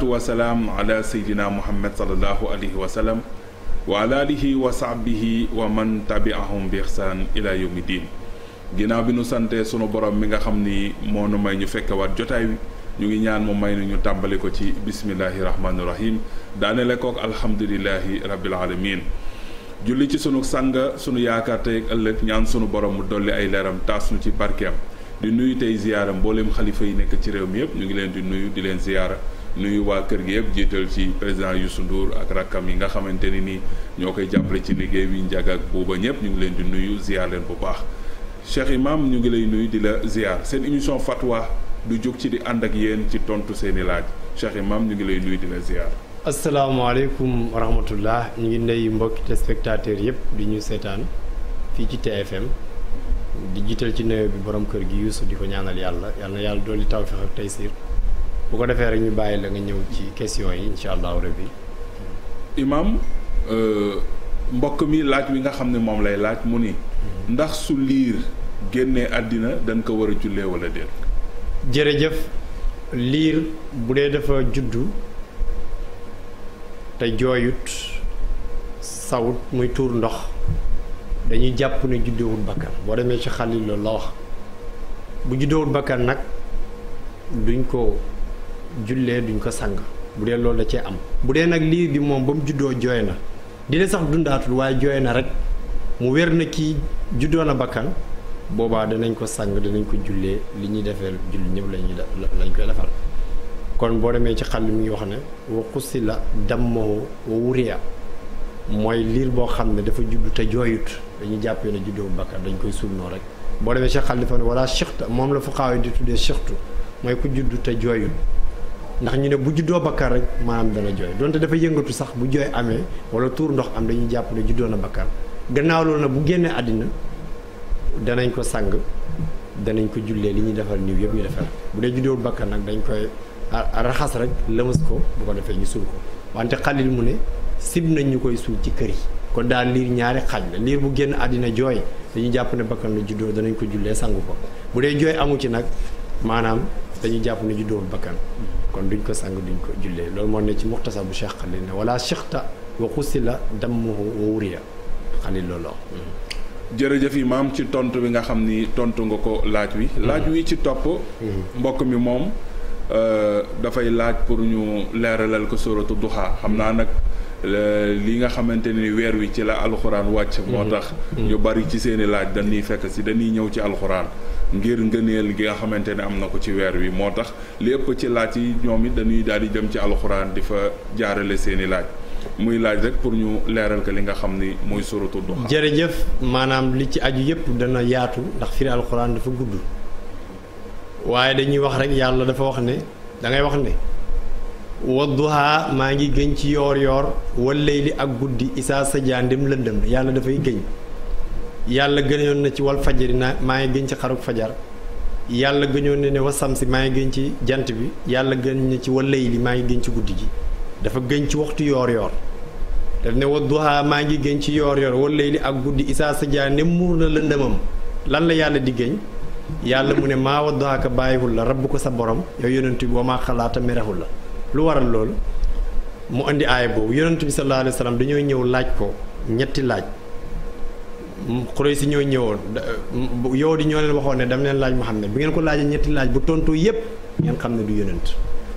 salaatu wa salaam ala seydina muhammad sallallahu alayhi wa sallam wa ala alihi wa sahbihi wa man tabiahum bi ihsaan ila yawmi diin ginnaaw bi nu santee sunu borom mi nga xam ni moo nu may ñu fekkewaat jotaay wi ñu ngi ñaan mu may nañu tàmbali ko ci bismillahi rahmaani rahim daane la kook alhamdulilahi rabbil alamin julli ci sunu sang sunu yaakaar tey ak ëllëg ñaan sunu borom mu dolli ay leeram taas nu ci barkeem di nuyu tey ziyaara mboolem xalifa yi nekk ci réew mi yëpp ñu ngi leen di nuyu di leen ziyaara nuyu waa kër gi yëpp jiital ci président Youssou nduur ak rakkam yi nga xamante ni nii ñoo koy jàppale ci liggéey bi Ndiaga ak booba ñëpp ñu ngi leen di nuyu ziar leen bu baax Cheikh Imam ñu ngi lay nuyu di la ziar seen émission waa du jóg ci di ànd ak yéen ci tontu seen i laaj Cheikh Imam ñu ngi lay nuyu di la ziar. asalaamaaleykum wa rahmatullah ñu ngi nuyu mbokki téléspectateurs yëpp di ñu seetaan fii ci TFM. di jiital ci néew bi borom kër gi Youssou di ko ñaanal yàlla yàlla na yàlla dolli tawfeex ak taysiir bu ko defee rek ñu bàyyi la nga ñëw ci question yi incha allahu rabbi imam euh, mbokk mi laaj wi nga xam ne moom lay laaj mu ni ndax su liir génnee àddina dañ ko war a jullee walla déet jërëjëf liir bu dee dafa juddu te jooyut sawut muy tuur ndox dañuy jàpp ne juddewul bakkan boo demee ci xalil loolu la wax bu juddewul bakkan nag duñ ko jullee duñ ko sang bu dee loolu la cee am bu dee nag liir bi moom ba mu juddoo jooy na di la sax dundaatul waaye jooy na rek mu wér na ki juddoo na bakkan boobaa danañ ko sang danañ ko jullee li ñuy defee julli ñëpp lañuy lañ koy defal kon boo demee ci xàll mi ngi ne wa xusi la dammoo wa wuriya mooy liir boo xam ne dafa judd te jooyut dañuy jàppee ne juddoo bakkan dañ koy sunnoo rek boo demee ci xàll wala sixt moom la fu xaaw di tuddee sixtu mooy ku juddu te jooyut ndax ñu ne bu juddoo bakkan rek maanaam dana jooy donte dafa yëngatu sax bu jooy amee wala tuur ndox am dañuy jàpp ne juddoo na bakkaar loolu nag bu génnee àddina danañ ko sang danañ ko jullee li ñuy defal niw yëpp ñu defal bu dee juddoo bakkaar nag dañ koy raxas rek lëmas ko bu ko defee ñu suul ko wante xalil mu ne sib nañ ñu koy suul ci kër yi kon daal liir ñaari xaaj la liir bu génn àddina jooy dañuy jàpp ne bakkan la juddoo danañ ko jullee sangu ko bu dee jooy amu ci nag maanaam dañuy jàpp ne juddoo bakkan kon duñ ko sang duñ ko jullee loolu moom ne ci muxtasar bu Cheikh Xalil ne wala Cheikhta wa xusila dammuhu wa wuriya Xalil looloo. Hmm. jërëjëf maam ci tontu bi nga xam ni tontu nga ko laaj wi. Hmm. laaj wi ci topp. Hmm. mbokk mi moom euh, dafay laaj pour ñu leeralal ko suratu duha xam naa nag. li nga xamante ni weer wi ci la alxuraan wàcc. Mhm. moo tax mhm. ñu bari ci seeni laaj dañuy fekk si dañuy ñëw ci alxuraan. ngir ngëneel gi nga xamante ne am na ko ci weer wi moo tax lépp ci laaj yi ñoom it dañuy daal di jëm ci alxuraan di fa jaarale seeni laaj muy laaj rek pour ñu leeral ko li nga xam ni mooy suratu duha. jëf maanaam li ci aju yëpp dana yaatu ndax firi alxuraan dafa gudd waaye dañuy wax rek yàlla dafa wax ne da wax ne. wadduha maa ngi gëñ ci yoor yoor wallayli ak guddi isaa sajaa ndem lëndëm na yàlla dafay gëñ yàlla gëñoon na ci wal fajari na maa ngi gëñ ci xaruk fajar yàlla gëñoon na ne wasam maa ngi gëñ ci jant bi yàlla gëñ na ci wallayli maa ngi gëñ ci guddi ji dafa gëñ ci waxtu yoor yoor daf ne wadduha maa ngi gëñ ci yoor yoor wallayli ak guddi isaa sajaa ndem muur na lëndëmam lan la yàlla di gëñ yàlla mu ne maa wadduha ka bàyyiwul la rabb ko sa borom yow yonent bi xalaata merewul la lu waral loolu mu indi aay boobu yonent bi sallallahu alayhi wa dañoo ñëw laaj ko ñetti laaj xurey si ñoo ñëwoon yow di ñoo leen waxoon ne dama leen laaj Muhammad bi ngeen ko laajee ñetti laaj bu tontu yépp xam ne du yonent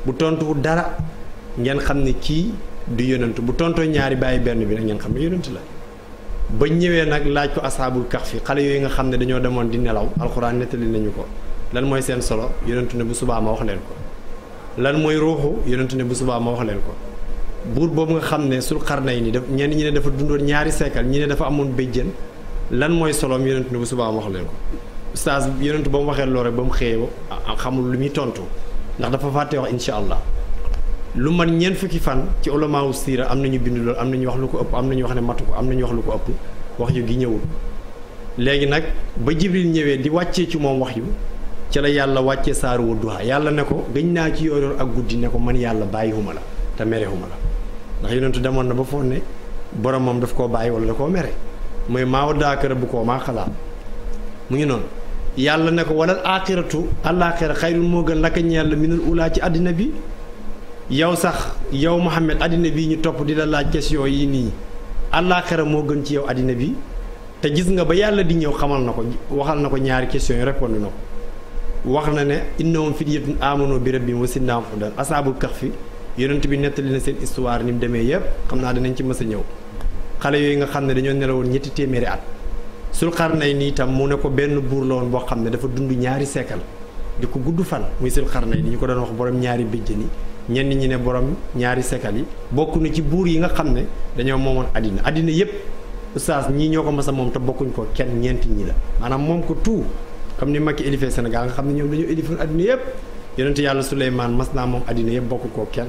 bu tontu dara ngeen xam ne kii du yonent bu tontoo ñaari bàyyi benn bi nag ngeen xam ne yonent la ba ñëwee nag laaj ko asaabul kax fi xale yooyu nga xam ne dañoo demoon di nelaw alxuraan nettali nañu ko lan mooy seen solo yonent ne bu subaa ma wax leen ko lan mooy ruuxu yonent ne bu subaa ma wax leen ko buur boobu nga xam ne sul xarnay ni daf ñenn ñi ne dafa dundoon ñaari seekal ñi ne dafa amoon béjjën lan mooy soloom yonent ne bu subaa ma wax leen ko ustaas yonent ba mu waxee loolu ba mu xëyee xamul lu muy tontu ndax dafa fàtte wax incha allah lu man ñeent fukki fan ci ulamaawu siira am na ñu bind lool am na nañu wax lu ko ëpp am nañu wax ne matu ko am na ñu wax lu ko ëpp wax yu gi ñëwul léegi nag ba jibril ñëwee di wàccee ci moom wax yu ci la yàlla wàcce saaru Wadduha yàlla ne ko gëñ naa ci yooyoor ak guddi ne ko man yàlla bàyyiwuma la te merewuma la ndax yonentu demoon na ba foog ne boromam daf koo bàyyi wala da koo mere mooy maa bu koo maa xalaat mu ngi noonu yàlla ne ko walal aaxiratu alaaxira xayrun moo gën laka ñeel la minal ulaa ci àddina bi yow sax yow Muhammad àddina bi ñu topp di la laaj question yi nii alaaxira moo gën ci yow àddina bi te gis nga ba yàlla di ñëw xamal na ko waxal na ko ñaari question yi répondre na ko wax na ne innahum fityatun amanu bi rabbihim wa zidnahum hudan asaabul kahfi yonent bi nettali na seen histoire ni mu demee yëpp xam naa danañ ci mës a ñëw xale yooyu nga xam ne dañoo nelawoon ñetti téeméeri at sul xar nay ni itam mu ne ko benn buur la woon boo xam ne dafa dund ñaari seekal di ko gudd fan muy sul xar nay di ñu ko doon wax borom ñaari bijjën yi ñenn ñi ne borom ñaari seekal yi bokk na ci buur yi nga xam ne dañoo moomoon àddina àddina yëpp oustaz ñii ñoo ko mas a moom te bokkuñ ko kenn ñeenti ñi la comme ni Macky élifee Sénégal nga xam ne ñoom dañoo élifoon addina yëpp yonent yàlla Souleymane mas naa moom addina yëpp bokk koo kenn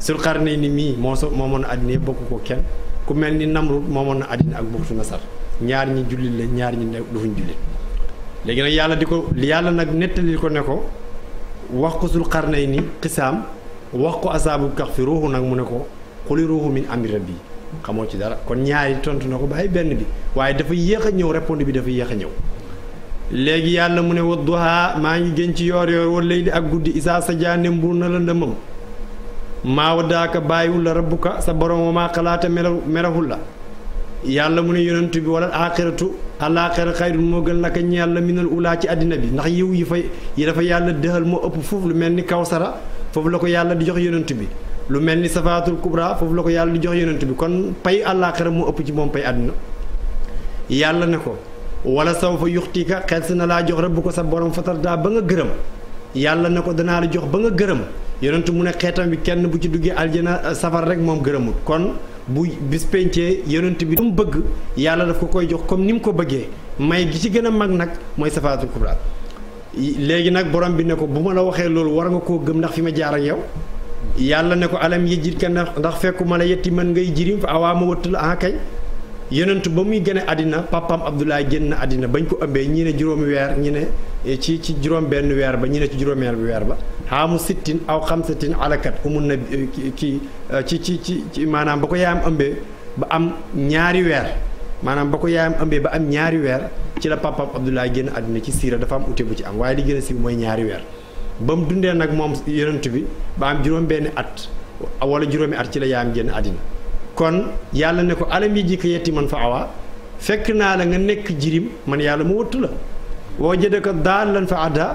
Zulqarnayni mii moo so moomoon na addina yëpp bokk koo kenn ku mel ni Namrud moomoon na addina ak Buxtu Nasar ñaar ñi jullit la ñaar ñi dufuñ jullit léegi nag yàlla di ko li yàlla nag nettali ko ne ko wax ko Zulqarnayni xisaam wax ko asaabu kax fi ruuxu nag mu ne ko xuli ruuxu min amri rabbi xamoo ci dara kon ñaari tontu na ko bàyyi benn bi waaye dafa yéex a ñëw répondre bi dafa yéex a ñëw léegi yàlla mu ne wa duhaa maa ngi génn ci yoor yoor wal layli ak guddi isaa sa jaane mbuur na la ndëmam maa waddaaka bàyyiwul la rabbuka sa borom wa maa xalaata merewul la yàlla mu ne yonent bi wala aaxiratu alaaxira xayrun moo gën laka ñeel la minal ulaa ci àddina bi ndax yiw yi fa yi dafa yàlla dëxal moo ëpp foofu lu mel ni kaw kawsara foofu la ko yàlla di jox yonent bi lu mel ni safaatul kubra foofu la ko yàlla di jox yonent bi kon pay alaaxira moo ëpp ci moom pay àddina ne ko wala saw fa yuxtika xel si na laa jox rek bu ko sa borom fatardaa ba nga gërëm yàlla ne ko danaa la jox ba nga gërëm yonent mu ne xeetam bi kenn bu ci duggee aljana euh, safar rek moom gërëmul kon bu bis pencee bi lu mu bëgg yàlla daf ko koy jox comme ni mu ko bëggee may gi ci gën a mag nag mooy safaratul kubra léegi nag borom bi ne ko bu ma la waxee loolu war nga koo gëm ndax fi ma jaar ak yow yàlla ne ko alam yëjjit ka ndax fekkuma la yetti mën ngay jirim fa awaama wëtt la ah yonent ba muy gën a àddina papaam Abdoulaye génn àddina bañ ko ëmbee ñii ne juróomi weer ñi eh, ne ci ci juróom benn weer ba ñi ne ci juróomeel bi weer ba xaamu sittin aw xamsatin alakat umun na eh, kii eh, ci ci ci ci maanaam ba ko yaayam ëmbee ba am ñaari weer maanaam ba ko yaayam ëmbee ba am ñaari weer ci la papaam Abdoulaye génn àddina ci siira dafa am ute bu ci am waaye li gën a siiw mooy ñaari weer ba mu dundee nag moom yonent bi ba am juróom benn at wala juróomi at ci la yaayam génn àddina kon yàlla ne ko alam yi jikko yetti man fa awa fekk naa la nga nekk jirim man yàlla mu wëttu la woo jëde ko daal lan fa adda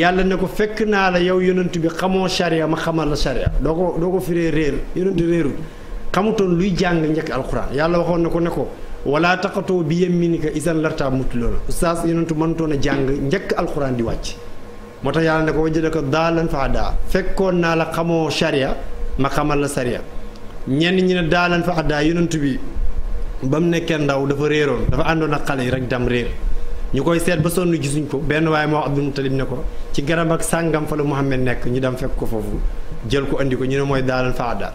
yàlla ne ko fekk naa la yow yonent bi xamoo charia ma xamal la charia doo ko ko firee réer yonent réerul luy jàng njëkk alxuraan yàlla waxoon na ko ne ko wala taqatoo bi yaminika isan lartaa mutu loola oustaz yonentu mënutoon a jàng njëkk alxuraan di wàcc moo tax yàlla ne ko wajjade ko daalan fa daa fekkoon naa la xamoo charia ma xamal la charia ñenn ñi ne daalan fa addaa yonent bi ba mu nekkee ndaw dafa réeroon dafa àndoon a xale yi rek dem réer ñu koy seet ba sonn gisuñ ko benn waaye moo Abdul Mutalib ne ko ci garab ak sàngam fa la Muhammad nekk ñu dem fekk ko foofu jël ko andi ko ñu ne mooy daalan fa addaa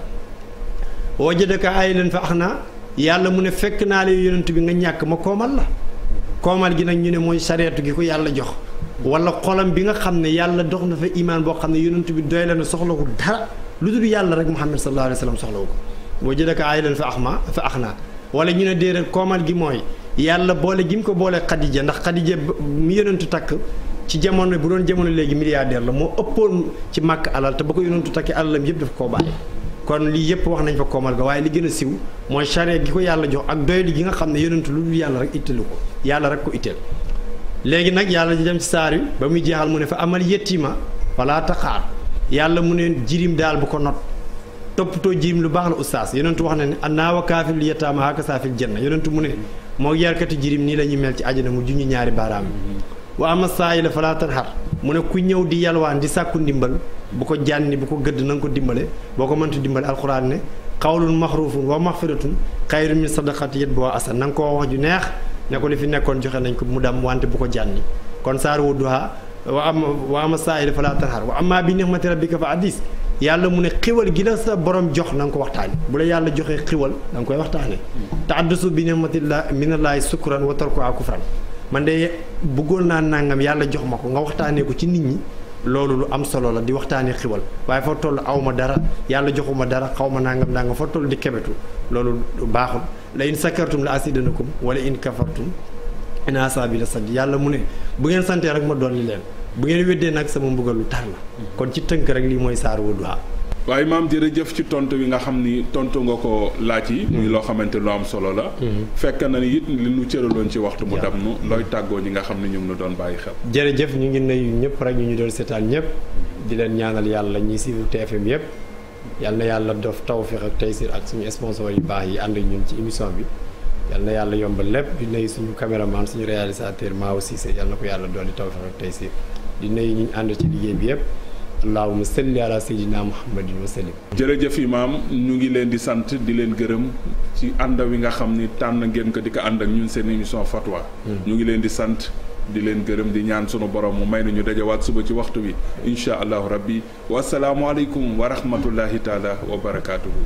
wajadaka aylan fa axnaa yàlla mu ne fekk naa la yonent bi nga ñàkk ma koomal la koomal gi nag ñu ne mooy sareetu gi ko yàlla jox wala xolam bi nga xam ne yàlla dox na fa imaan boo xam ne yonent bi doy la ne soxlawul dara lu dul yàlla rek Muhammad sallallahu alayhi wa sallam soxlawu ko wa jëlaka aayilan fa axma fa axnaa wala ñu ne déedéet koomal gi mooy yàlla boole gi mu ko boole Xadija ndax Xadija mi yonentu takk ci jamono bu doon jamono léegi milliardaire la moo ëppoon ci màkk alal te ba takki alalam yëpp daf koo bàyyi kon lii yëpp wax nañ fa koomal ga waaye li gën a siw mooy charia gi ko yàlla jox ak doylu gi nga xam ne yonentu lu dul yàlla rek ittalu ko yàlla rek ko itteel léegi nag yàlla di dem ci saar ba muy jeexal mu ne fa amal yettima wala taxaar yàlla mu ne jirim daal bu ko not toppatoo jirim lu baax la ustaas yonentu wax na ne annaa wa kaafil li yataama haka saafil janna yonentu mu ne moo yarkati jirim nii la ñuy mel ci àjjana mu juñu ñaari baaraam wa ama saayila falaa tanhar mu ne ku ñëw di yalwaan di sàkku ndimbal bu ko jànni bu ko gëdd nanga ko dimbale boo ko mënta dimbale alxuraan ne xawlun maxruufun wa maxfiratun xayru min sadaqati yet boo asan na nga ko wax ju neex ne ko li fi nekkoon joxe ko mu dam wante bu ko jànni wa am wa ama saa'ila falaa tanhar wa amma bi ni'mati rabbika fa haddis yàlla mu ne xiwal gi la sa borom jox na ko waxtaane bu la yàlla joxee xiwal danga da nga koy waxtaane tahaddusu bi ni'matillah minallaahi sukran wa tarkuha kufran man de bëggoon naa nangam yàlla jox ma ko nga waxtaanee ko ci nit ñi loolu lu am solo la di waxtaanee xiwal waaye foo toll aw ma dara yàlla joxuma dara xaw ma nangam nangam fa toll di kebetu loolu baaxul la in sakartum la asidanakum wala in kafartum inaa bi la sa yàlla mu ne bu ngeen santee rek ma doon dolli leen bu ngeen weddee nag sama mbugalu tar la kon ci tënk rek lii mooy saar Wadduha waaye maam jërëjëf ci tontu bi nga xam ni tontu nga ko laaj yi muy loo xamante lu am solo la mm-hmm. fekk na ni it li nu cëraloon ci waxtu mu dam nu looy tàggoo ñi nga xam ne ñu ngi la doon bàyyi xel jërëjëf ñu ngi nuyu ñëpp rek ñu ñu doon seetaan ñëpp di leen ñaanal yàlla ñi si TFM yëpp yàlla na yàlla def tawfeex ak taysir ak suñu sponsor yu baax yi ànd ñun ci émission bi yal na yàlla yombal lépp di nuyu suñu caméraman suñu réalisateur Maaw Cissé yal na ko yàlla doon di tawfeex ak tey si di nuyu ñu ànd ci liggéey bi yëpp allahumma salli ala sayyidina muhammadin wa sallim jërëjëf maam ñu ngi leen di sant di leen gërëm ci ànd wi nga xam ni tànn ngeen ko di ko ànd ak ñun seen émission fatwa hmm. ñu ngi leen di sant di leen gërëm di ñaan sunu borom mu may na nañu dajawaat suba ci waxtu wi incha allahu rabbi wasalaamualeykum wa rahmatullahi taala wa barakaatuhu